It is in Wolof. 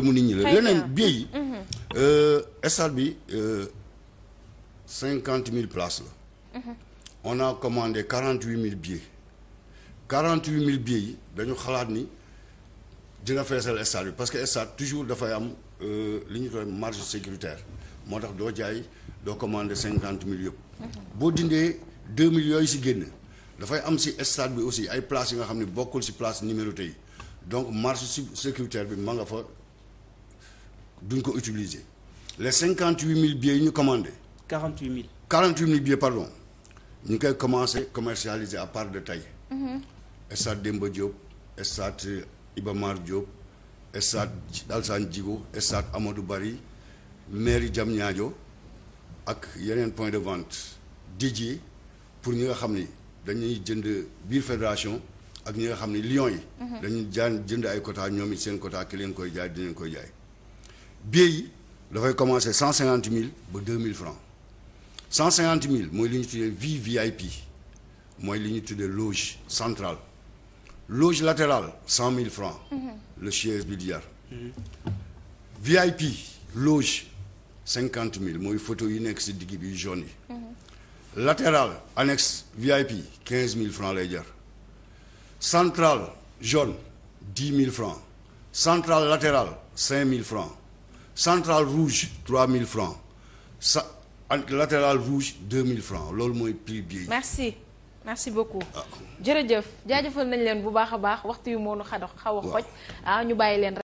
problème mu nit ñi la leneen biee yi mm-hmm. euh, stade bi euh, cinquante mille places la mm-hmm. on a commandé quarante huit mille billets quarante huit mille billets yi dañu xalaat ni dina feesal stade bi parce que stade toujours dafay am euh, li ñu koy marge sécuritaire moo tax doo jaay doo commander cinquante mille yëpp mm-hmm. boo dindee deux mille yooyu si génn dafay am si stade bi aussi ay places yi nga xam ne bokkul si place numérotées yi donc marge sécuritaire bi ma nga fa duñ ko utiliser les cinquante huit mille billets ñu commandé. quarante huit mille. quarante huit mille billets pardon ñu koy commencé commercialiser à part de tey. Mhm. stade Demba Diop stade Iba Mar Diop stade Alassane Djigo stade Amadou Barry mairie Diamniadio ak yeneen point de vente DJ pour ñi nga xam ni dañuy jënd biir fédération ak ñi nga xam ni lions yi. Mhm. dañu jaan jënd ay quotas ñoom it seen quota ki leen koy jaay dinañ koy jaay. billets yi dafay commencer cent cinquante mille ba deux mille francs cent cinquante mille mooy li ñu tuddee VVIP mooy li ñu tuddee loge centrale loge latérale cent mille francs mhm. le chaise biliard mhm. VIP loge cinquante mille mooy photo yi nekk ci digg bi jaune yi mhm. latéral annexe VIP quinze mille francs lay jar central jaune dix mille francs centrale latérale cinq mille francs central rouge 3000 francs sa latéral rouge 2000 francs loolu mooy prix bi. merci merci beaucoup. Ah. jërëjëf jaajëfal nañ leen bu baax a baax waxtu yu moonu xado xaw a xoj. ah ñu bàyyi leen